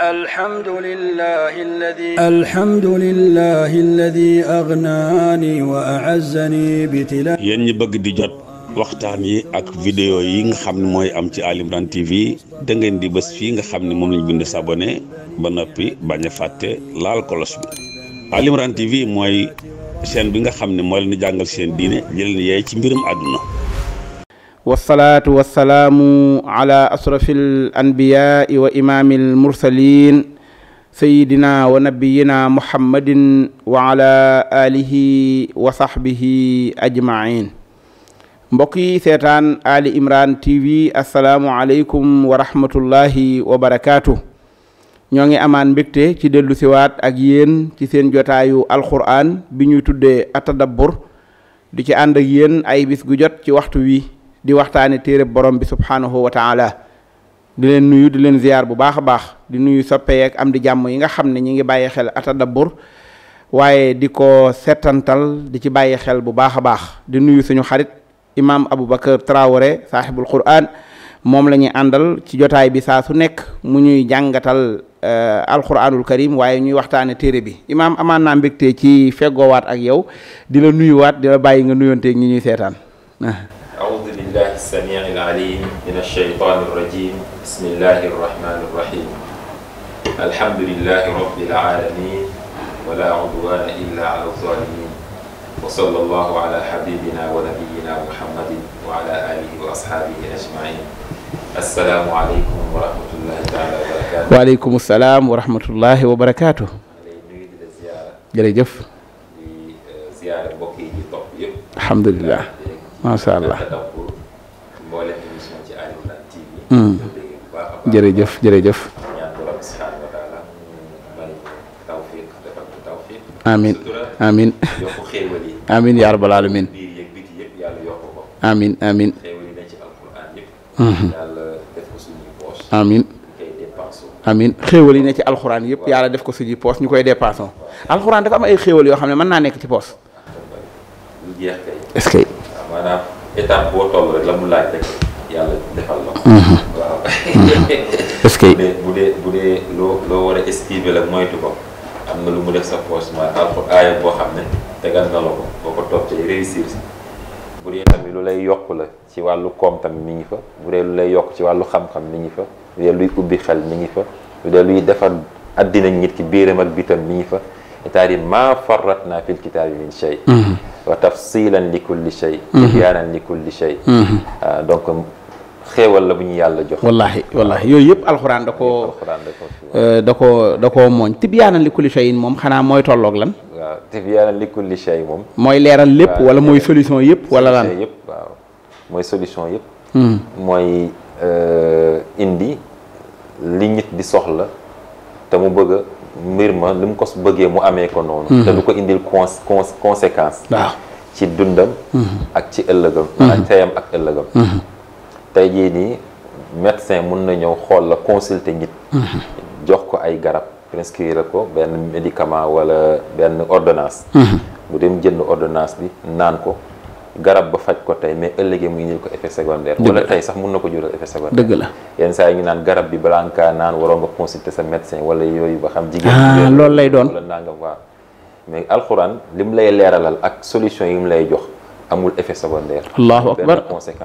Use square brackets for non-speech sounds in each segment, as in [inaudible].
الحمد لله الذي الحمد ñi bëgg di jot waxtaan yi ak vidéo yi nga xam ne mooy am ci Ali Imran TV da ngeen di bés fii nga xam ni moom lañ bind sabone ba noppi bañ a fàtte laal kolos bi Ali Imran TV mooy chaîne bi nga xam ne mooy leen di jàngal seen diine jëleen yee ci mbirum àdduna wasalaatu wasalaamu ala asrafi al wa imaami al mursalin sayidina wa nabiyina muhammadin wa ala alihi wa sahbihi ajmain mbokk yi seetaan ali imran tv asalaamu aleykum wa rahmatullahi wa barakaatu ñoo ngi amaan mbégte ci dellu siwaat ak yéen ci seen jotaayu alquran bi ñuy tuddee atadabbur di ci ànd ak yéen ay bis jot ci waxtu wi di waxtaane téere borom bi subhaanahu wa taala di leen nuyu di leen ziar bu baax a baax di nuyu soppe am di jàmm yi nga xam ne ñi ngi bàyyi xel atadabbur waaye di ko seetantal di ci bàyyi xel bu baax a baax di nuyu suñu xarit imaam Aboubacar Traoré saaxibul Qur'an moom la ñuy àndal ci jotaay bi saa su nekk mu ñuy jàngatal eh, alquranul karim waaye ñuy waxtaane téere bi imaam amaan naa mbégte ci feggoowaat ak yow di la nuyuwaat di la bàyyi nga nuyonteeg ñi ñuy seetaan [laughs] بالله السميع العليم من الشيطان الرجيم بسم الله الرحمن الرحيم الحمد لله رب العالمين ولا عدوان إلا على الظالمين وصلى الله على حبيبنا ونبينا محمد وعلى آله وأصحابه أجمعين السلام عليكم ورحمة الله تعالى وبركاته وعليكم السلام ورحمة الله وبركاته jërëjëf ziyaare mbokk yi ñu topp yëpp alhamdulilah macha allah mboolem émission ci Ali mm. Imran jërëjëf jërëjëf. amin amin amin yaa rabbal alamin amin amin amin amin xéewal yi ne ci alxuraan yëpp mhm. yàlla def ko suñuy poos ñu koy dépassé alxuraan dafa am ay xéewal yoo xam ne mën naa nekk ci poos est-ce étape boo toll rek la mu laaj rek yàlla defal la ko. Mhm. waaw. [laughs] est [laughs] bu dee bu dee loo war a esquiver la moytu ko am na lu mu def sa poche mooy aaya boo xam ne tegal na ko boo ko toppee réussir si. bu dee tamit lu lay yokk la ci wàllu koom tamit mi ngi fa bu dee lu lay yokk ci wàllu xam-xam mi ngi fa bu dee luy ubbi xel mi ngi fa bu dee luy defar addina nit ki biiram ak bitam mi ngi fa. taari ma farratna fil kitabi min shay mhm. wa tafsilan li kulli mhm. mhm. ah, bu ñu yàlla jox wallahi wallahi yooyu yëpp alxuraan da koo da eh, da koo mooñ tibyaanan li kulli shay moom xanaa mooy tolloog lan waaw tibyaanan li kulli shay moom mooy leeral lépp wala mooy solution yëpp wala lan yëpp mooy solution yëpp mooy indi li nit di soxla te mu bëgg mbir ma li mu ko bëggee mu amee ko noonu. Mhm. te du ko indil con conséquence. waaw ci dundam. Mhm. ak ci ëllëgam. Mhm. ak teyam ak ëllëgam. tey jii nii médecin mun na ñëw xool la consulter nit. jox ko ay garab prescrire ko benn médicament wala benn ordinance bu dem jënd ordinance bi naan ko. garab ba faj ko tey mais ëllëgee muy indil ko effet secondaire. wala tey sax mun na ko jural effet secondaire. dëgg la yenn saa yi naan garab bi balaa nga naan waroo nga consulter sa médecin wala yooyu ba xam. jigéen ñi ah, loolu lay doon wala nangam waaw. mais alxuraan lim lay leeralal ak solution yi mu lay jox amul effet secondaire. allahu akbar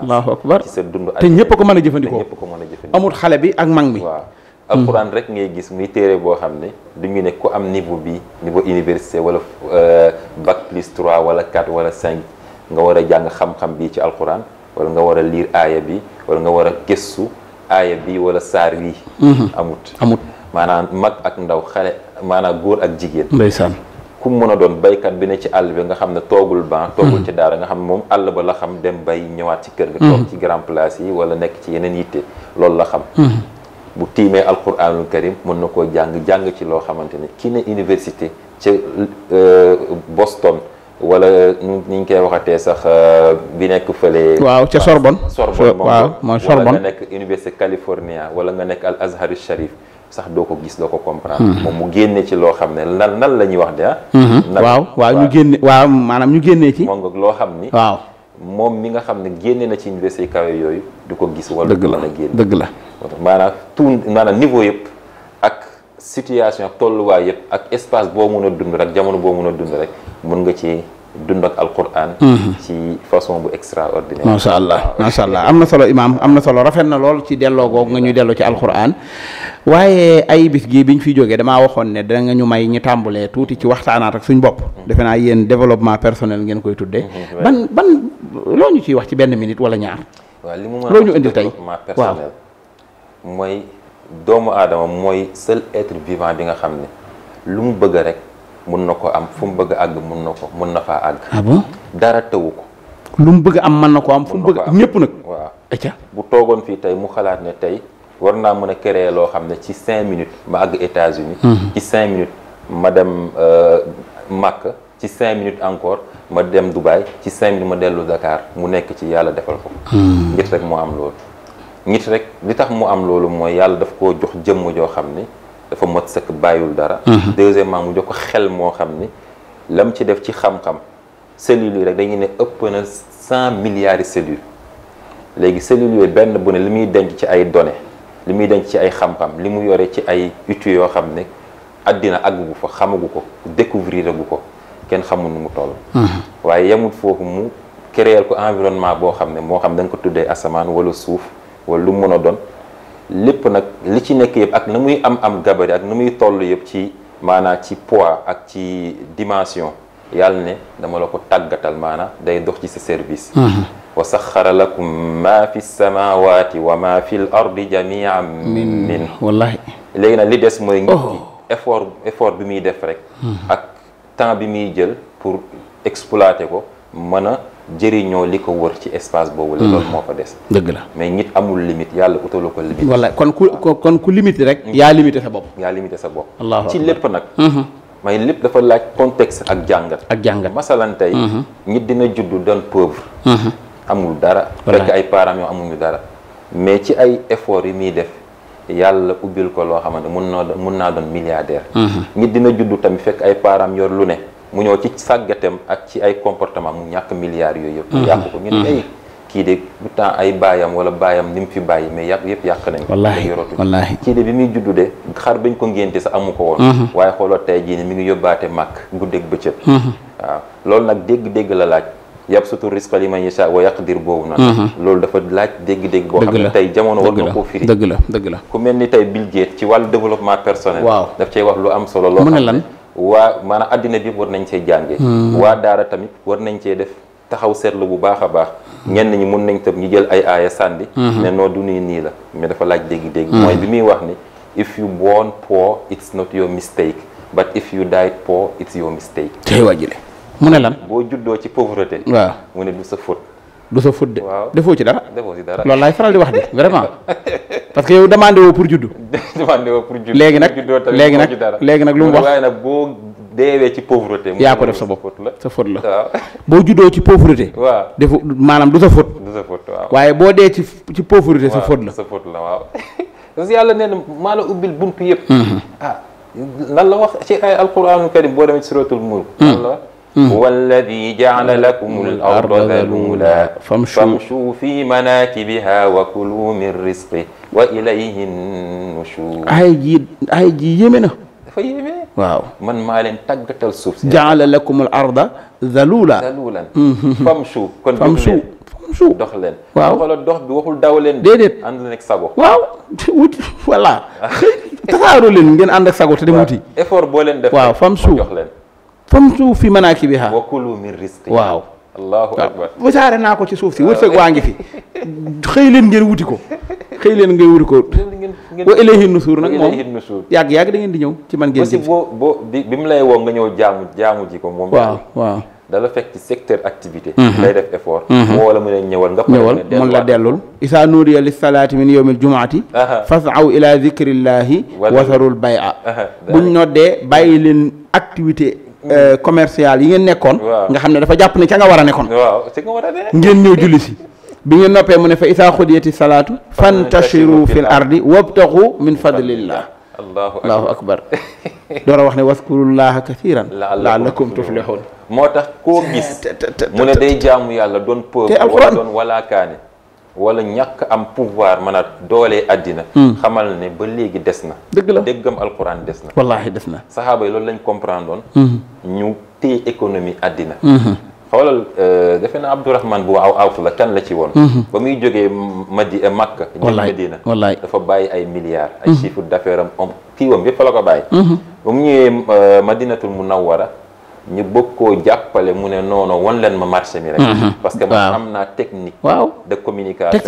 allahu akbar ci sa dund te ñëpp ko mën a jëfandikoo ñëpp ko mën a jëfandikoo amul xale bi ak mag mi waaw. alxuraan rek ngay gis muy téere boo xam ne du ñu ne ku am niveau bi niveau université wala euh, bac plus 3 wala 4 wala 5. nga war a jàng xam-xam bi ci alquran wala nga war a liir aaya bi wala nga war a gëstu aaya bi wala saar wi mhm. amut amut maanaam mag ak ndaw xale maanaam góor ak jigéen ndeysaan ku mën a doon baykat bi ne ci àll bi nga xam ne toogul ban mhm. toogul ci daara nga xam ne moom àll ba la xam dem bay ñëwaat ci kër ga mhm. toog ci grand place yi wala nekk ci yeneen yitte loolu la xam bu tiimee alquranul karim mën na koo jàng jàng ci loo xamante ne kii ne université ca euh, Boston wala ñu ñu koy waxatee sax euh, bi nekk fële. waaw ca Sorbonne. Sorbonne waaw mooy Sorbonne wala nga nekk Université California wala nga nekk Al Azhar Sharif sax doo ko gis doo ko comprendre. Hmm. moom mu génne ci loo xam ne nan nan la ñuy wax de ah. Hmm. waaw waaw ñu génne waaw maanaam ñu génnee ci. moom loo xam ni. waaw moom mi nga xam ne génne na ci université yooyu du ko gis. wala dëgg la dëgg la. maanaam tout maanaam niveau yëpp. situation ak tolluwaay yëpp ak espace boo mun a dund rek jamono boo mun a dund rek mun nga ci dund ak alquran mhm. ci façon bu extraordinaire macha allah macha allah am na solo imaam am na solo rafet na lool ci delloo googu nga ñuy delloo ci alquran waaye ay bis gii biñ fi jógee damaa waxoon ne danga ñu may ñu tàmbulee tuuti ci waxtaanaat ak suñ bopp mhm. defe naa yéen développement personnel ngeen koy tuddee mhm, ban ban loo ñu ciy wax ci benn minute wala ñaar waaw loo ñu indil tey waaw doomu aadama mooy sel être vivant bi nga xam ne lu mu bëgg rek mun na ko am fu mu bëgg àgg mun na ko mun na faa àgg. ah dara tëwu ko. lu mu bëgg am mën na ko am. fu mu bëgg ñëpp nag. waa acca bu toogoon fii tey mu xalaat ne tey war naa mën a créer loo xam ne ci cinq minutes ma àgg États-Unis mhm. ci cinq minutes ma dem euh, Màkka ci cinq minutes encore ma dem Dubaï ci cinq minutes ma dellu Dakar mu nekk ci yàlla defal ko. Mhm. ngir rek moo am loolu. nit rek li tax mu am loolu mooy yàlla daf koo jox jëmm joo xam ni dafa mot sëkk bàyyiwul dara. Mhm. deuxièmement mu jox ko xel moo xam ni mu ci def ci xam-xam cellules yi rek dañuy ne ëpp na cent milliards de cellules léegi cellules benn bu ne li muy denc ci ay données li muy denc ci ay xam-xam li mu yore ci ay outils yoo xam ne àddina àggu fa xamagu ko découvrir agu ko kenn xamu nu mu toll. Mhm. waaye yemul foofu mu créer ko environnement boo xam ne moo xam da nga ko tuddee asamaan wala suuf. wala lu mu mën a doon lépp nag li ci nekk yëpp ak na muy am am gabarit ak na muy toll yëpp ci maanaa ci poids ak ci dimension yàlla ne dama la ko tàggatal maanaa day dox ci sa service wa saxara lakum ma fi samawati wa ma fi l ardi jamian min min wallahi léegi nag li des mooy ngi oh. effort effort bi muy def rek ak temps bi muy jël pour exploiter ko mën jëriñoo li ko wër ci espace boobu. la mm. loolu moo fa des. dëgg la mais nit amul limite yàlla utalu ko limite. walla kon ku kon ku limite rek. Mm. yaa limité sa bopp. yaa limité sa bopp. ci lépp nag. Mm-hmm. may lépp dafa laaj contexte ak jàngat. ak jàngat masalan tey. Mm-hmm. nit dina juddu doon pauvre. Mm-hmm. amul dara. fekk ay parents yoo amuñu dara. mais ci ay effort yi muy def. yàlla ubbil ko loo xamante mun naa doon mun naa doon milliardaire. nit dina juddu tamit fekk ay parents yor lu ne. mu ñëw ci sàggatem ak ci ay comportement mu ñàkk milliards yooyu yëpp. mu mm-hmm. yàq ko ñu ne mm-hmm. ay kii de pourtant ay baayam wala baayam ni mu fi bàyyi mais yàq yëpp yàq nañ wallaahi wallaahi kii de bi muy juddu de xar bañ ko ngénte sax amu ko mm-hmm. waaye xooloo tey jii ni mi ngi yóbbaate màkk guddeeg bëccëg waaw loolu nag dégg-dégg la laaj yabsutu risqa liman yasha wa yaqdir boobu nag loolu dafa laaj dégg-dégg boo xam ne tey jamono war na koo firi dëgg la dëgg la ku mel ni tey Bill Gates ci wàll développement personnel waaw daf cay wax lu am solo loo xam ne lan waa maanaam àddina bi war nañ cee jànge hmm. waa daara tamit war nañ cee def taxaw seetlu bu baax a baax ñenn ñi mun nañ tam ñu jël ay aaya sànni mais hmm. noo du nuy nii la mais dafa laaj dégg-dégg hmm. mooy bi muy wax ni if you born poor it's not your mistake but if you died poor it's your mistake tey waajile mu ne lan boo juddoo ci pauvreté waaw mu ne du sa faute du sa fut de. defoo ci dara. defoo ci dara loolu laay faral di wax de vraiment [laughs] parce que yow demandé woo pour juddu. demandé woo pour juddu léegi nag léegi nag léegi nag lu mu wax waaye nag boo deewee ci pauvreté. yaa ko def sa bopp sa faute la [laughs] boo juddoo ci pauvreté. waaw defu maanaam du sa faute. du sa waaye boo dee ci ci pauvreté. sa faute la sa faute la waaw. [laughs] parce yàlla nee na maa la ubbil buntu yëpp. Mhm. ah lan la wax ci ay al alquraanu karim boo demee ci suratul mulk. Mhm. la. هو hmm. الذي جعل لكم hmm. الأرض ذلولا فامشوا في مناكبها وكلوا من رزقه وإليه النشور ay ji ay ji yéeme na dafa yéeme waaw man maa leen tàggatal suuf si jaala lakum al arda zalula zalulan hmm, famshu kon famshu famshu dox leen waaw xoolal dox bi waxul daw leen déedéet ànd na ak sago waaw wuti voilà [laughs] tasaaroo leen ngeen ànd ak sago te dem wuti effort boo leen def waaw famshu jox leen famsu fi manaakibihaa wa kulu min rizqihaa waaw allahu akbar wasaare naa ko ci suuf si wërsëg waa ngi fi xëy leen ngeen wuti ko xëy leen ngeen wuti ko wa ilayhi nusuur nag moom yàgg yàgg da ngeen di ñëw ci man ngeen jëm boo boo lay woo nga ñëw jaamu jaamu ji ko moom waaw waaw dala fekk secteur activité lay mhm. def effort moo mhm. la mu ne ñëwal nga ñëwal mën la dellul isaa nuudiya li salaati min yowmi aljumaati fasaw ila zikrillahi wasarul bay a buñ noddee bàyyi leen activité Euh, commercial yi ngeen nekkoon. nga xam ne dafa jàpp ne ca nga war a nekkoon. ngeen ñëw julli si. bi ngeen noppee mu ne fa isaa xudiyati salaatu. fantashiru fil ardi wabtaxu min fadlillah. allahu akbar [laughs] door a wax ne waskurullaha kathiran laalakum tuflihun moo tax koo gis. mu ne day yàlla doon te alxuraan wala ñàkk am pouvoir mën doole doolee àddina hmm. xamal ne ba léegi des na dëgg la déggam alquran des na wallaahi des na saxaaba yi loolu lañ comprendre doon hmm. ñu téye économie àddina hmm. xoolal euh, defe naa Abdourahman bu aw awf la kan la ci woon ba muy jógee madi euh, Makka jëm Madina wallaay dafa bàyyi ay milliards ay chiffre d'affaires am om kii wam yëpp la ko bàyyi ba mu ñëwee euh, Madinatul Munawwara ñu bëgg koo jàppale mu ne non non wan leen ma marché mi rek. Mhm. parce que man am naa technique. waaw de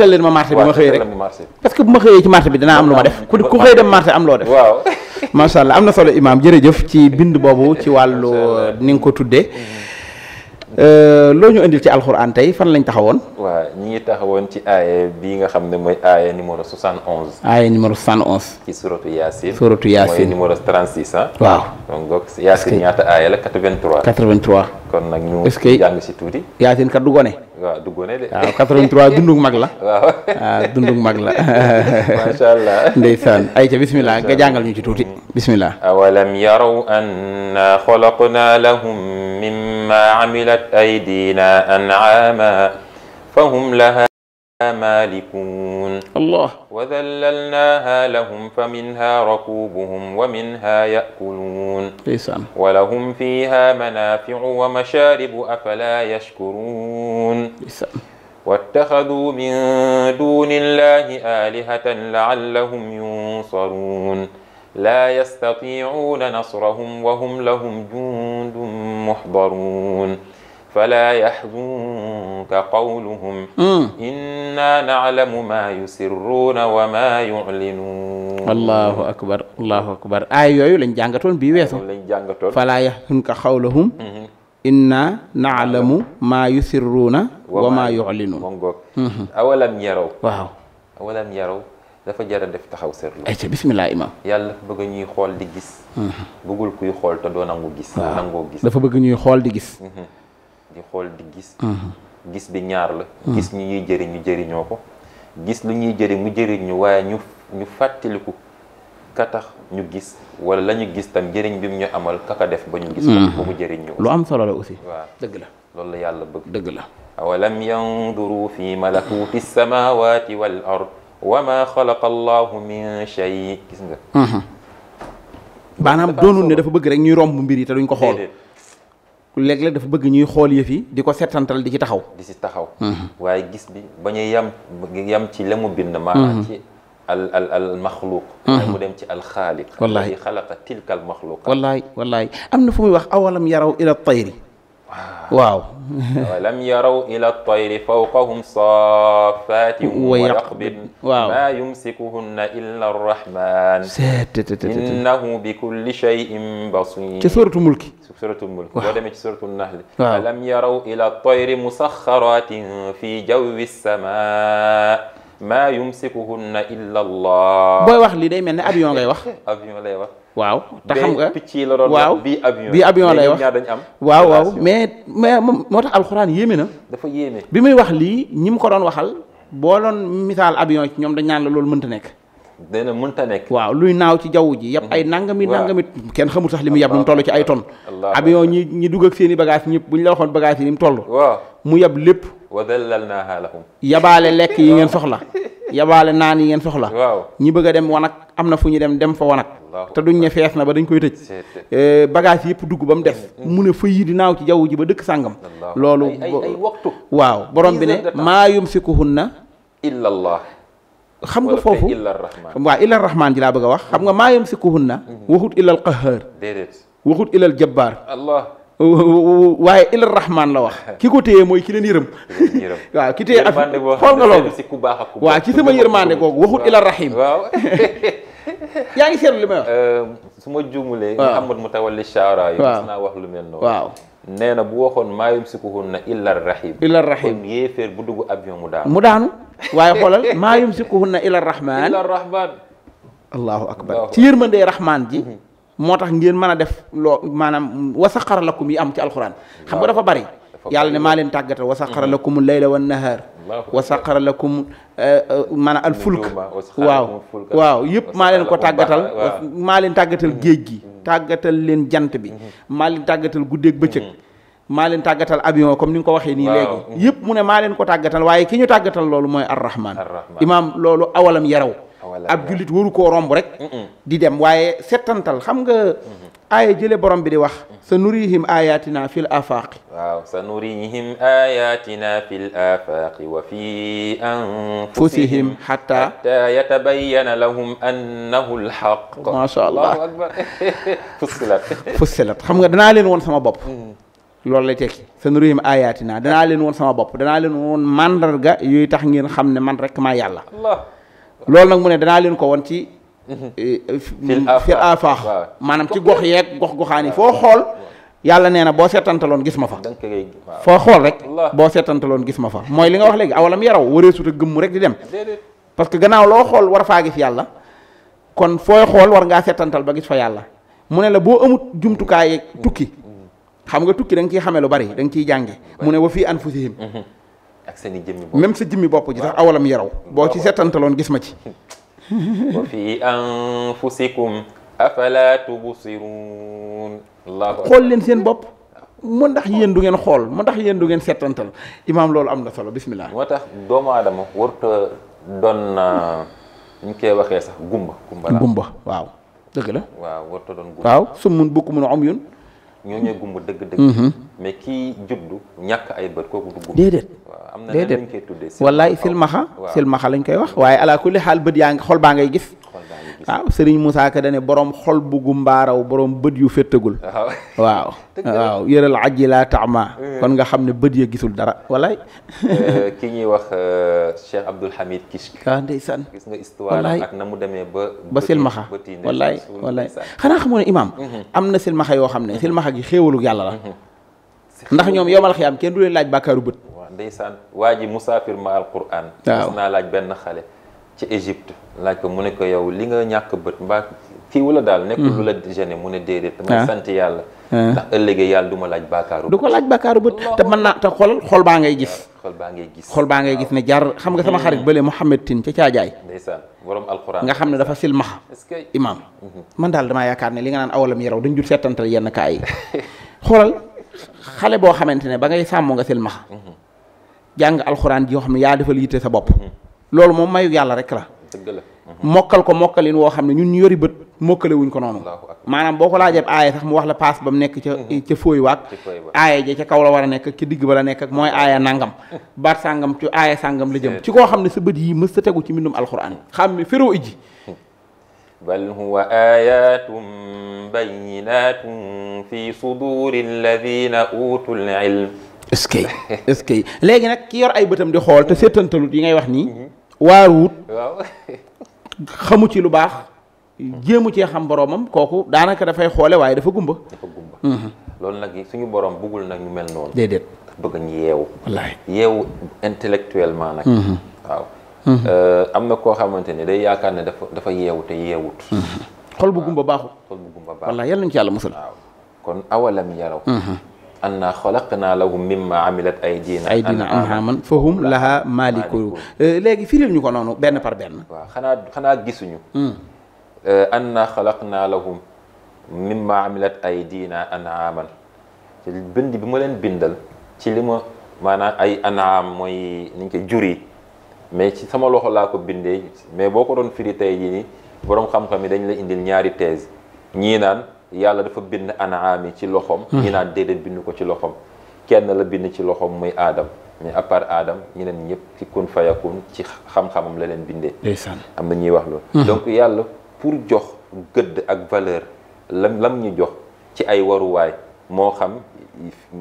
leen ma marché bi ma xëy rek parce que bu ma xëyee ci marché bi danaa am lu ma def. ku xëy dem marché am loo def. waaw [laughs] allah am na solo Imaam jërëjëf ci bind boobu ci wàllu ni nga ko tuddee. Mhm. Euh, loo ñu indil ci alxuraan tey fan lañ taxawoon. waaw ñi ngi taxawoon ci aaye bii nga xam ne mooy aaye numéro 71. aaye numéro 71. ci suratu Yaasin. suratu Yaasin mooy numéro 36 ah. waaw donc Yaasin ñaata aaye la 83. du gone. waaw du gone de. waaw 83 mag la. [laughs] waaw waaw ah, dundu mag la. [laughs] macha allah. ndeysaan ayca bismillah nga jàngal ñu ci tuuti. Mm. bismillah awalam yaraw anna xalaqna lahum ما عملت أيدينا أنعاما فهم لها مالكون الله وذللناها لهم فمنها ركوبهم ومنها يأكلون لسان. ولهم فيها منافع ومشارب أفلا يشكرون لسان. واتخذوا من دون الله آلهة لعلهم ينصرون laa yastatiicuuna nasrahum wa hum lahum jundun muxdaruun falaa yaxzunka qawluhum inna naclamu maa yusirruuna wa maa yuclinuun allahu akbar allahu akbar aay yooyu lañ jàngatoon bii weesu lañ jàngatoon falaa yaxzunka qawluhum inna naclamu maa yusirruuna wa maa yuclinuun awalam yaraw waaw awalam yaraw dafa jara def taxaw seetlu. ayca bisimilah imam yàlla dafa bëgg ñuy xool di gis. Mhm. bëggul kuy xool te doo nangu gis. nangoo gis dafa bëgg ñuy xool di gis. Mhm. di xool di gis. Mhm. gis bi ñaar la. gis ñu ñuy jëriñ ñu jëriñoo ko. gis lu ñuy jëriñ mu jëriñ ñu waaye ñu ñu fàttaliku ka tax ñu gis wala la gis tam jëriñ bi mu ñu amal kaka def ba ñu gis. ba jëriñ lu am solo la aussi. waaw dëgg la loolu la yàlla bëgg. dëgg la awalam yanduru fi malakuti samawati wal ard wa ma xalaqa allahu min gis nga mhm. maanaam doonul ne dafa bëgg rek ñuy romb mbir yi te duñ ko xool léeg-léeg dafa bëgg ñuy xool yëf di ko settantal di ci taxaw di ci taxaw mhm. waaye gis bi ba ñuy yam yam ci la mu bind maanaam mhm. ci al al al maxluuq mu dem ci alxaaliq wallaahi xalaqa tilka al maxluuqaat wallaahi wallaahi am na fu muy wax awalam yaraw ila tayri waaw walam yaraw ila tayri fawqahum saafaatin wa yaqbid waaw maa yumsikuhunna illa arrahman innahu bi kulli shay'in basir ci suratu mulki suratu mulki boo demee ci suratu nahl walam yaraw ila tayri musaxaratin fi jawi sama maa yumsikuhunna illa allah booy wax li day mel ne avion ngay wax avion lay wax waaw te xam nga picc la doon waaw bii avion bii lay wax dañ am waaw waaw mais mais moo tax alxuraan yéeme na dafa yéeme bi muy wax lii ñi mu ko doon waxal boo doon misaal avion ci ñoom dañ naan la loolu mënta nekk dana mënta nekk waaw luy naaw ci jaww ji yëpp ay mhm. nangami nangami kenn xamul sax li mu yab nu mu toll ci ay tonnes avion ñi ñi dugg ak seen i bagage ñëpp bu ñu la waxoon bagage yi ni mu toll mu yab lépp wa dallalnaaha lahum yabaale lekk yi ngeen soxla yabaale naan yi ngeen soxla waaw ñi bëgg a dem wanag am na fu ñu dem dem fa wanag te duñ ne fees na ba dañ koy tëj eh, bagage yëpp dugg ba mu des mm-hmm. mu ne fëy yi di naaw ci jaww ji ba dëkk sàngam loolu ay waaw borom bi ne maa yumsikuhunna illa allah xam nga foofu waaw illa rahmaan ji laa bëgg a wax xam nga maa yumsikuhunna mm-hmm. waxut illal qahhaar waxut illal jabbaar waaye il rahman la wax [laughs] ki ko téye mooy ki leen yërëm [laughs] waaw ki téye ak xool nga loolu waaw ci sama yërmande googu waxul ila rahim waaw [laughs] yaa ngi seetlu li may wax euh, su ma juumulee Muhammad Mutawalli Sha'ra yi mas naa wax lu mel noonu na bu waxoon maa yumsikuhunna illa rahim illa rahim yéeféer bu dugg avion mu daanu mu daanu waaye xoolal maa yumsikuhunna illa rahman illa rahman allahu akbar ci yërmandee rahman ji mhm. moo tax ngeen mën a def loo maanaam wasaxara lakum yi am ci alxuraan xam nga dafa bari yàlla ne maa leen tàggatal wasaxara mm-hmm. lakum layla wan nahaar wasaxara lakum eh, eh, maanaam al fulk waaw waaw yëpp maa leen ko tàggatal maa leen tàggatal mm-hmm. géej gi mm-hmm. tàggatal leen jant bi maa leen tàggatal guddeeg bëccëg maa leen tàggatal avion comme ni nga ko waxee nii léegi yëpp mu ne maa leen ko tàggatal waaye ki ñu tàggatal loolu mooy arrahman imaam loolu awalam yaraw ab jullit waru ko romb rek di dem waaye settantal xam nga mm-hmm. aaya jële borom bi di wax mm-hmm. sa nurihim ayatina fil afaqi waaw sa nurihim ayatina fil afaqi wa fi anfusihim hatta yatabayyana lahum annahu alhaq masha allah [laughs] fussilat fussilat xam nga danaa leen woon sama bopp mm. loolu lay tekki sa nurihim ayatina danaa leen woon sama bopp danaa leen woon mandarga yooyu tax ngeen xam ne man rek maa yàlla loolu nag mu ne danaa leen ko woon ci mhm. eh, eh, mm, fil afaax maanaam ci gox yeeg gox goxaan yi foo xool yàlla nee na boo seetantaloon gis ma fa foo xool rek boo seetantaloon gis ma fa mooy li nga wax léegi awalam yaraw waree sut a gëmm rek di dem parce que gannaaw loo xool war faa gis yàlla kon fooy xool war ngaa seetantal ba gis fa yàlla mu ne la boo amut jumtukaay mm-hmm. tukki mm-hmm. xam nga tukki da ciy xame lu bari da nga ciy jànge mu ne wa fii an anfusihim mm-hmm. seen i jëmmi même sa jëmmi bopp ji tax awalam yaraw boo ci seetantaloon gis ma ci [laughs] wa fi anfusikum afala tubsirun allahu xool leen seen bopp mu ndax yéen du ngeen xool mu ndax yéen du ngeen seetantal imaam loolu am na solo bismillah moo tax doomu aadama warta doon euh, ñu koy waxee sax gumba gumba waaw dëgg la waaw warta mun gumba waaw summun bukmun umyun ñoo ñooy gumb dëgg-dëgg. Mhm. mais kii jubdu ñàkk ay bët kooku du gumb. déedéet am na lañ koy tuddee. wallaay silmaxa silmaxa lañ koy wax waaye ala kulli xaal bët yaa ngi xol baa ngay gis. waaw Serigne Moussa dane borom xol bu gumbaaraw boroom bët yu fettagul waaw waaw [laughs] yëral aji laa taama eh. kon nga xam ne bët ya gisul dara walaay eh, ki ñuy wax euh, Cheikh Abdoul Hamid Kishk waaw ah, ndeysaan gis nga histoire ak na mu demee ba ba silmaxa walaay walaay xanaa xamoo ne imaam mhm. am na silmaxa yoo xam ne mhm. silmaxa gi xéewalu yàlla la mhm. ndax ñoom yowmal xiyaam kenn du leen laaj bàkkaaru bët ndeysaan waa ji musaafir ma alquran waaw naa laaj benn xale ci Égypte laaj ko mu ne ko yow li nga ñàkk bët mbaa kii wala daal nekkul lu la mhm. gêné mu ne déedéet damay ah. sant yàlla ah. ndax ëllëgee yàlla du ma laaj bàkkaaru du ko laaj bàkkaaru bët te man naa te xool xool baa ngay gis xool baa ngay gis xool baa ngay gis ne jar xam nga sama xarit hmm. bële Mouhamed Tine ca caajaay ndeysaan borom alxuraan nga xam ne dafa silmaxa imaam mhm. man daal damaa yaakaar ne li nga naan awalam yaraw dañ jur seetantal yenn kaa yi [laughs] xoolal xale boo xamante ne ba ngay sàmm nga silmaxa mhm. jàng alxuraan ji xam ne yaa defal yitte sa bopp loolu moom mayu yàlla rek la. dëgg la mhm. mokkal ko mokkalin woo xam ne ñun ñu yori bët mokkale ko noonu. maanaam boo ko laajee aaya sax mu wax la paas ba mu nekk ca mhm. ca fooy waag. aaya ja ca kaw la war a nekk ak ca digg ba la nekk ak mooy aaya nangam. [laughs] baat sàngam ci aaya sàngam la jëm. ci koo xam ne sa bët yi mës sa tegu ci mbindum alxuraan. xam ne feroo ijji. [laughs] bal huwa ayatun bayyinatun fi suduri alladina léegi nag ki yor ay bëtam di xool te seetantalut yi ngay wax nii. Mhm. waaruwut xamu ci lu baax jéemu cee xam boromam kooku daanaka dafay xoole waaye dafa gumba dafa mhm. loolu nag suñu borom bëggul nag ñu mel noonu déedéet bëgg ñu yeewu wallaay yeewu intellectuellement nag mhm. waaw mhm. Euh, am na koo xamante ne day yaakaar ne dafa dafa yeewu te yeewut xol bu gumba baaxul xol bu gumba baaxul wallaay yal nañu ci yàlla musal kon awalam naa xalaqna lahum mimma amilat aydina aydina anhaman fahum laha maaliku léegi firil ñu ko noonu benn par benn waaw xanaa xanaa gisuñu anna xalaqna lahum mimma amilat aydina anhaman bind bi ma leen bindal ci lima ma maanaam ay anam mooy niñ koy jur yi mais ci sama loxo laa ko bindee mais boo ko doon firi tey jii ni boroom xam-xam yi dañ la indil ñaari thèse ñii naan yàlla dafa bind anaami ci loxoom. Hmm. ñi naan déedéet bind ko ci loxoom. kenn la bind ci loxoom muy aadam mais à part aadam ñeneen ñëpp ci kun fayakun ci xam-xamam la leen bindee. ndeysaan am na ñuy wax loolu. Hmm. donc yàlla pour jox gëdd ak valeur lam lam ñu jox ci ay waruwaay moo xam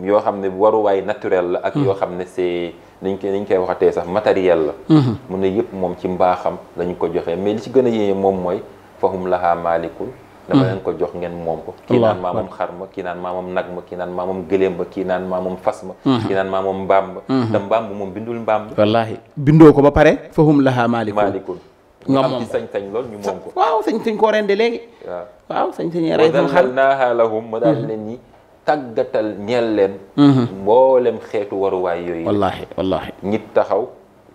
yoo xam ne waruwaay naturel la. ak hmm. yoo xam ne c'est niñ koy koy waxatee sax matériel la. mu ne yëpp moom ci mbaaxam lañu ko joxee mais li ci gën a yéeme moom mooy fahum laha maalikun dama hmm. leen ko jox ngeen moom ko kii naan maa moom xar ma kii naan maa moom nag ma kii naan maa moom gëléem ba kii naan maa moom fas ma hmm. kii naan maa moom mbaam ba hmm. te mbaam ba moom bindul mbaam ba wallaahi bindoo ko ba pare fahum lahaa maalikun nga moom am ci sañ-sañ lool ñu moom ko waaw sañ-sañ koo rende léegi waaw waaw sañ-sañ rey sama xar naahaa lahum ma daal leen ñi tàggatal ñeel leen mboolem xeetu waruwaay yooyu wallaahi wallaahi ñit taxaw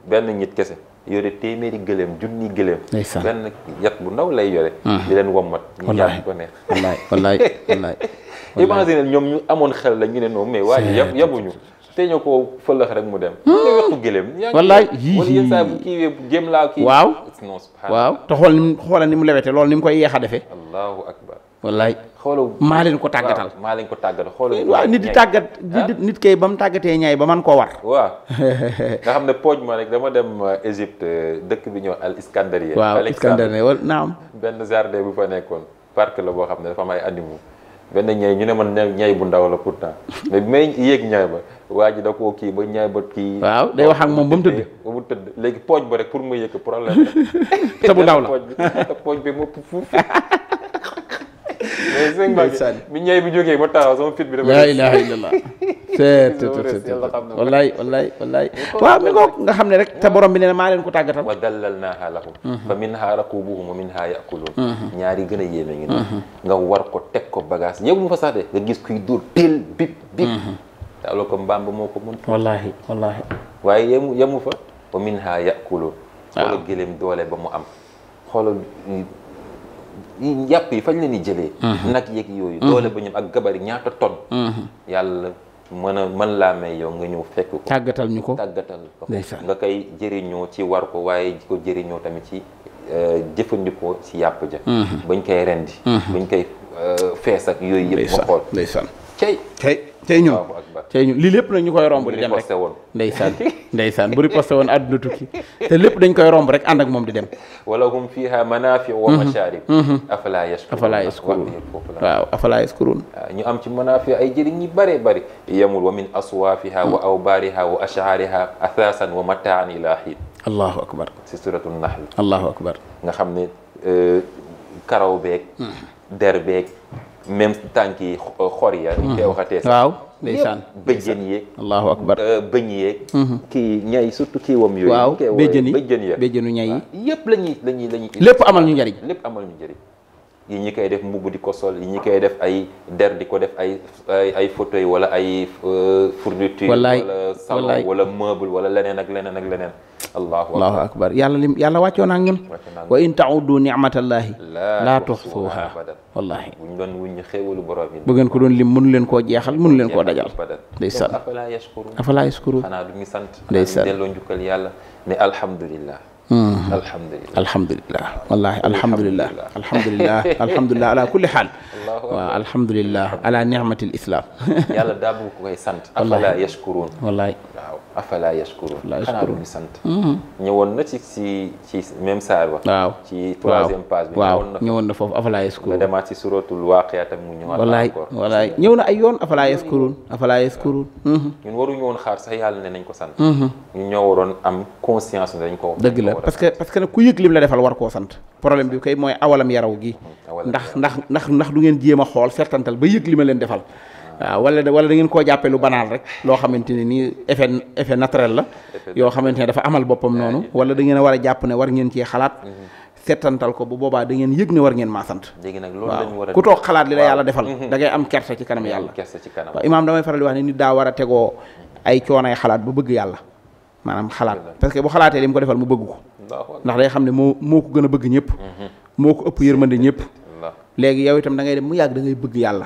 benn ñit kese yore téeméeri gëléem junni gëléem benn yat bu ndaw lay yore ah. di leen wommat ñu jàpp ko neex wallaay wallaay wallaay [laughs] imagine ñoom ñu amoon xel la ñu ne noonu mais waa ji yab yabuñu te ñoo ko fëlëx rek mu dem nga hmm. wextu gëléem wallaay yii saa bu kii jéem laa waaw te xool ni mu xoolal ni mu lewete loolu ni mu koy yeex a defee allahu wallaay xoolal maa leen ko tàggatal maa leen ko tàggatal xoolal eh, waaw nit di tàggat ah? nit kay ba mu tàggatee ñaay ba man koo war [laughs] waaw nga xam ne pooj ma rek dama dem euh, Égypte euh, dëkk bi ñëw al Iskandariya waaw Iskandariya wala naam benn jardin bu fa nekkoon parc la boo xam ne dafa am ay animaux benn ñay ñu ne man ñay bu ndaw la pourtant [laughs] mais may yéeg ñay ba waa ji da koo kii ba ñay ba kii waaw day wax moom ba mu tëdd ba mu tëdd léegi pooj ba rek pour mu yëkk problème la [laughs] te bu ndaw la pooj bi bi mu fuuf gis nañ ma bi ñay bi jógee ba taxaw sama fit bi dafa waaw mi ngoog nga xam ne rek te borom bi nee na maa leen ko tàggatal wa dallalnaaha lahum mhm. fa minha raqubuhum wa minha yaakuluun mhm. ñaari gën a yéeme ngi nii mhm. nga war ko teg ko bagaas yëpp mu fa sax de nga gis kuy dóor teel bip bip te ba moo ko mun wallahi wallahi waaye yemu yemu fa wa minha yaakuluun xoolal gëléem doole ba mu am xoolal yàpp yi fañ leen di jëlee mhm. nag yéeg yooyu mhm. doole ba ñu ak gabari ñaata ton mhm. yàlla mën a mën laa may yow nga ñëw fekk ko tàggatal ñu ko tàggatal ko nga koy jëriñoo ci war ko waaye ko jëriñoo tamit ci euh, jëfandikoo si yàpp ja bañ koy rend bañ koy euh, fees ak yooyu yëpp ma xool cey cey ñun lii lépp nag ñu koy romb di dem rek ndeysaan [laughs] ndeysaan bu riposté woon àdduna tukki te lépp dañ koy romb rek ànd ak moom di dem walahum fiha manafiu wa mhm. masharib mhm. afala yashkurun afala yashkurun waaw ah, ñu am ci manafi ay jëriñ ñi bare bare yamul wa min aswafiha wa mhm. awbariha wa ash'ariha athasan wa mataan ila hiin allahu akbar nga xam ne euh, karaw beeg même tànk yi euh, xor ya ñu koy mhm. waxatee waaw ndeysaan bëjjën yeeg allahu akbar euh, bëñ yeeg mhm. kii ñay surtout kii wom yooyu waaw bëjjën yi bëjjën ya bëjjënu ñay yi yëpp lañuy lañuy lañuy lépp amal ñu njariñ lépp amal ñu njëriñ yi koy def mbubb di ko sol yi ñu koy def ay der di ko def ay ay fauteuil wala ay euh, fourniture wala salon wala meuble wala leneen ak leneen ak leneen allahu akbar yàlla lim yàlla wàccoo naa ñun wa in tauddu nicmatallahi laa tuxsuuha wallahi buñ doon wuñ xéewalu borom yi bu ngeen ko doon lim mënu leen koo jeexal mënu leen koo dajal ndeysaan afala yashkuru afala yashkuru xanaa du ñu sant ndeysaan delloo njukkal yàlla ne alhamdulillah hmm. alhamdulillah alhamdulillah wallahi alhamdulillah alhamdulillah alhamdulillah [laughs] ala kulli xaal waaw alhamdulillah ala nicmatil islam yàlla daa bëgg ko koy sant afala yashkurun wallahi waaw afala yashkuru xanaa du ñu mhm. wa waaw ñëwoon na foofu afala yashkuru demaat ci suratul waaqiya tam mu ñëwaat ay yoon afala yashkurun afala yashkurun mhm. ñun waruñu woon xaar sax yàlla ne nañ ko sant mhm. ñu ñoo waroon am conscience ne dañ ko dëgg la parce que parce que nag ku yëg lim la defal war koo sant problème bi kay mooy awalam yaraw gi ndax ndax ndax du ngeen jéem a xool seetantal ba yëg li ma leen defal waaw wala wala da ngeen koo jàppee lu banaal rek loo xamante ne nii effet effet naturel la yoo xamante ne dafa amal boppam noonu wala da ngeen a war a jàpp ne war ngeen cee xalaat mhm. settantal ko bu boobaa da ngeen yëg ne war ngeen maa sant léegi nag loolu lañu war a ku toog xalaat li la yàlla defal mhm. da am kersa ci kanam yàlla kersa ci kanam waaw imaam damay faral di wax ne nit daa war a tegoo ay coonay xalaat bu bëgg yàlla maanaam xalaat parce que bu xalaatee li mu ko defal mu bëgg ko ndax day xam ne moo moo ko gën a bëgg ñëpp mhm. moo ko ëpp yërmande ñëpp léegi yow itam da ngay dem mu yàgg da ngay bëgg yàlla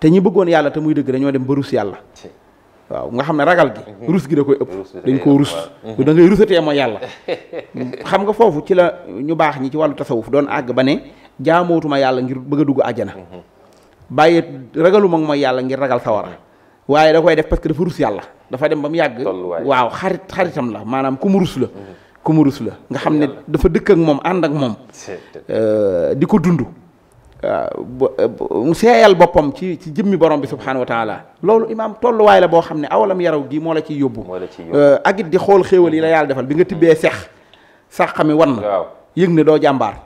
te ñi bëggoon yàlla te muy dëgg dañoo dem ba rus yàlla waaw nga xam ne ragal gi mhm. rus gi da koy ëpp dañ koo rus yàlla [laughs] xam nga foofu ci la ñu baax ñi ci wàllu tasawuf doon àgg ba ne jaamootuma yàlla ngir bëgg a dugg àjjana mhm. bàyyi ragaluma mooy yàlla ngir ragal sawara waaye da koy def parce que dafa rus yàlla dafa dem ba mu yàgg waaw xarit xaritam la maanaam ku mu la mhm. ku mu la nga xam ne dafa dëkk ak moom ànd ak moom euh, di ko dund mu seeyal boppam ci ci jëmmi borom bi subxanahu wa taala loolu imaam tolluwaay la boo xam ne awalam yaraw gi moo la ciy yóbbu. Euh, ak it di xool xéewal yi la yàlla defal bi nga tibbee sex sax xami wan na. yëg ne doo jàmbaar.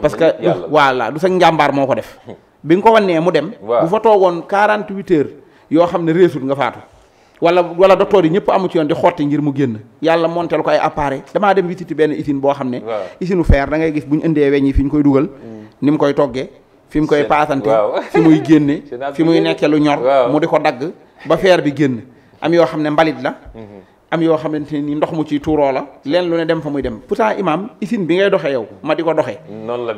parce que voilà du sax njàmbaar moo ko def. bi nga ko wannee mu dem. bu fa toogoon 48 heures yoo xam ne réesul nga faa wala wala docteur yi ñëpp amu ci yoon di xotti ngir mu génn yàlla montel ko ay appareil damaa dem visiter benn usine boo xam ne. usine fer da ngay gis bu ñu indee weñ yi fi ñu koy dugal ni mu koy toggee fi mu koy paasante fi muy génne [laughs] fi muy nekke lu ñor mu di ko dagg ba feer bi génn am yoo xam ne mbalit la mm-hmm. am yoo xamante ni ndox mu ci tuuroo la leen lu ne dem fa muy dem pourtant imam usine bi ngay doxee yow ma di ko doxee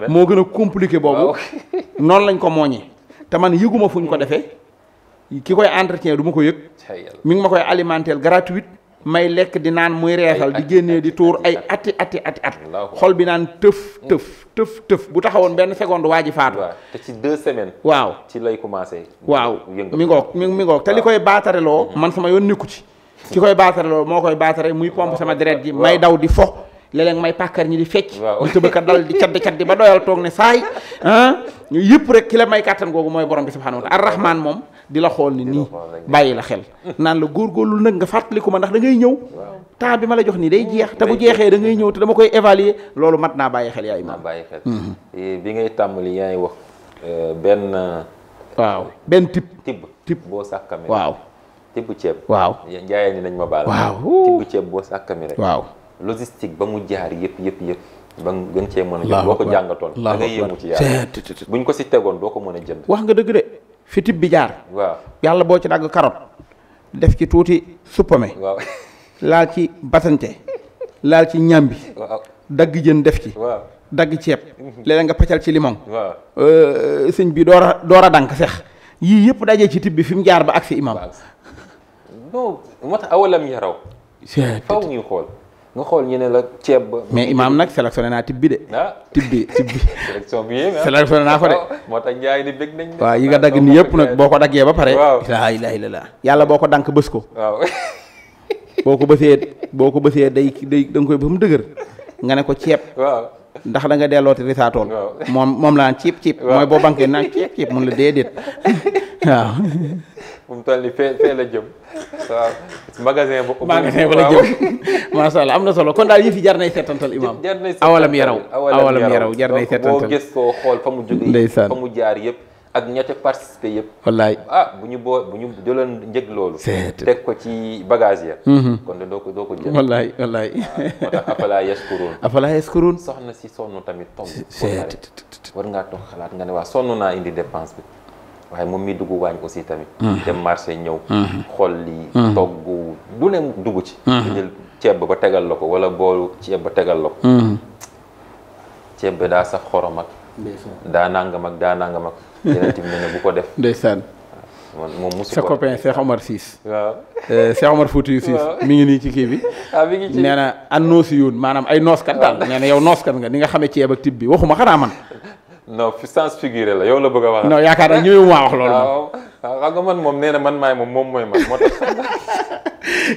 moo gën a compliqué boobu [laughs] noonu lañ ko mooñee te man yëguma fu ñu ko mm. defee ki koy entretien du ma ko yëg mi ngi ma koy alimenter gratuite may lekk di naan muy reexal di génnee di tuur ay ati ati ati at xol bi naan tëf tëf tëf tëf bu taxawoon benn seconde waa ji faatu te ci deux waaw ci lay commencé waaw mi ngoog mi mi ngoog te li koy baatareeloo man sama yoon nekku ci ki koy baatareloo moo koy baatare muy pompe sama deret ji may daw di fo léeg-léeg may pàkkar ñi di fecc ñu tëbaka dal di caddi caddi ba doyal toog ne saay ah yëpp rek ki la may kàttan googu mooy borom bi subhanahu wa taala arrahman moom di la xool ni nii bàyyi la xel naan la góorgóorlu nag nga fàttaliku ma ndax da ñëw temps bi ma la jox nii day mm, jeex te bu jeexee da ñëw te dama koy évaluer loolu mat naa bàyyi xel yaay ma bàyyi xel mm-hmm. eh, bi ngay tàmbali yaa ngi wax eh, benn waaw benn tib tib tib boo sàkkame waaw tibb ceeb waaw njaayeen ni nañ ma baal ceeb boo sàkkame rek waaw logistique ba mu jaar yëpp yëpp ba gën cee mën a jënd boo ko jàngatoon da nga yéemu ci yàlla buñ ko si tegoon doo ko mën a jënd wax nga dëgg de fitib bi jaar waaw yàlla boo ci dagg carotte def ci tuuti suppame waaw laal ci basante laal ci ñambi waaw dagg jën def ci dagg ceeb mhm. léeg nga paccal ci limon waaw euh, sëñ bi door a door a dank seex yii yëpp dajee ci tib bi fi mu jaar ba ak si imam non moo tax awalam yaraw faw ñuy xool nga xool ñu ne la ceeb ba. mais imaam nag sélectionné naa tib bi de. ah tib bi tib bi. [laughs] sélection bi naa ko de. Oh, moo tax njaay ni bëgg nañ. waaw yi nga ah, dagg nii yëpp nag boo ko daggee ba pare. waaw laa ilaaha illallaah yàlla boo ko dank bës ko. boo ko bësee boo ko bësee day day da koy ba mu dëgër nga ne ko ceeb. ndax da nga dellooti risaatool [laughs] moom moom laan ciip ciip mooy boo banque naan ciip ciip mun la déedéet [laughs] waaw mu toll nii fee fee la jëm waaw magasin bu magasin bu la jëm [laughs] macha am na solo kon daal yëf yi jar nay seetantal imaam awalam yaraw awalam yaraw jar nay seetantal boo gis koo xool fa mu jógee fa mu jaar yëpp ak ña ca participé yëpp. wallaay ah bu ñu boo bu ñu jëloon njëg loolu. teg ko ci bagage ya. Mhm. kon de doo ko doo ko jël. wallaay wallaay. Ah, moo tax afala soxna si sonn tamit tomb. war ngaa toog xalaat nga ne waa sonn naa indi dépense bi. waaye moom mi dugg waañ aussi tamit. Mhm. dem marché ñëw. Mhm. xool lii togg du ne dugg ci. jël ceeb ba tegal la ko wala boolu ceeb ba tegal la ko. ceeb bi daa sax xorom daa nangam ak daa nangam ak yeneen ko def. ndeysaan. Ah, man moom mosu ko sa copain Cheikh Omar Ciss. waaw eh, Omar Foutiou Ciss. mi ngi nii ci kii bi. ah na an noosi yoon maanaam ay nooskat daal nee na yow nooskat nga ni nga xamee ceeb ak tib bi waxuma xanaa man. non sens figuré la yow la bëgg wax. yaakaar naa ñëwee maa wax loolu moom. Ah, ah, xam nga man moom moom mooy man [laughs]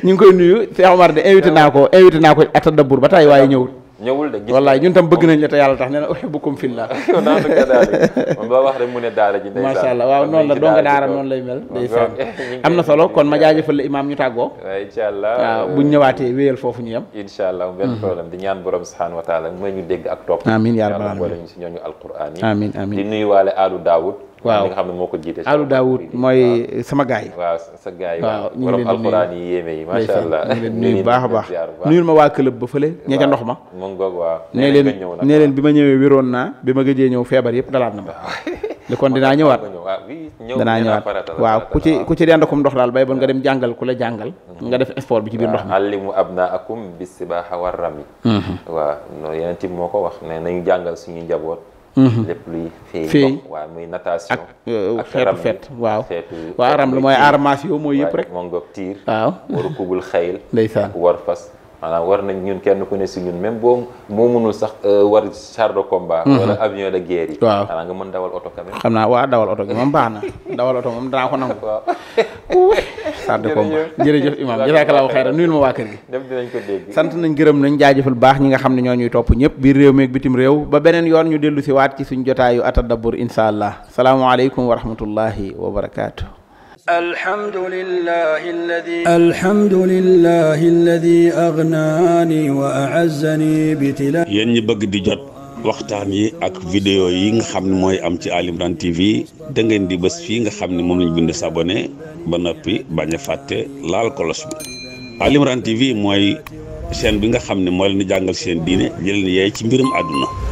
ñu ngi koy nuyu Cheikh Omar de invité naa ko invité naa ko atadabour ba tey waaye ñëwul. ñëwul de gis wallaay ñun tam bëgg nañ la te yàlla tax nee na uhibbukum fillah daanaka [laughs] daal moom ba mu ne daara ji allah waaw noonu la doo nga daara noonu lay mel ndeysaan am na solo kon ma jaajëfal la imaam ñu tàggoo incha allah waaw buñ ñëwaatee wéyal foofu ñu yem incha allah benn hmm. problème di ñaan borom subhanahu wa taala may ñu dégg ak topp amiin yaa rabbal aalamiin wala ñu si ñooñu alquran yi amiin amiin di nuyu waale aalu waaw li nga xam ne ko jiite. Alu Daawud mooy sama gaay waaw sa gaay waaw ñu ngi leen di nuyu alxuraan yi yéeme yi macha allah ñu ngi [laughs] nuyu baax a baax nuyul ma waa club ba fële ña ca ndox ma moom leen bi ma ñëwee wéroon naa bi ma gëjee ñëw feebar yëpp dalaat na ma li [laughs] [laughs] kon dinaa ñëwaat danaa ñëwaat waaw ku ci ku ci dendakom ndox daal bay bon nga dem jàngal ku la jàngal mm-hmm. nga def sport bi ci biir ndox mi allimu abnaakum bis a war rami mm-hmm. waaw noonu yeneen ci moo ko wax ne nañu jàngal suñu njaboot Mhm. lépp luy euh, ak xeetu fet waaw xeetu waaw lu mooy aar maas mooy yëpp rek moo ngoog tiir waaw waru kubul xayil [laughs] ndeysaan ak war fas maanaam war nañ ñun kenn ku ne si ñun même boo moo mënul sax euh, war char de combat. Mhm. wala avion de guerre yi. nga mën dawal oto quand même. xam naa waa dawal oto gi moom baax na [laughs] dawal moom danaa ko nangu. [laughs] waaw char de combat jërëjëf Imaam jazakallahu xayran nuyul ma waa kër gi. dem dinañ sant nañ gërëm nañ jaajëfal baax ñi nga xam ne ñoo ñuy topp ñëpp biir réew mi ak bitim réew ba beneen yoon ñu dellu si waat ci suñ jotaayu atadabbur incha allah salaamualeykum wa rahmatullahi wa barakaatu. الحمد لله الذي الحمد لله الذي أغناني وأعزني بتلاوة yéen ñi bëgg di jot waxtaan yi ak vidéo yi nga xam ne mooy am ci Ali Imran TV da ngeen di bés fii nga xam ne moom lañ bind s'abonner ba noppi bañ a fàtte laal kolos bi Ali Imran TV mooy chaîne bi nga xam ne moo leen di jàngal seen diine jëleen yeey ci mbirum àdduna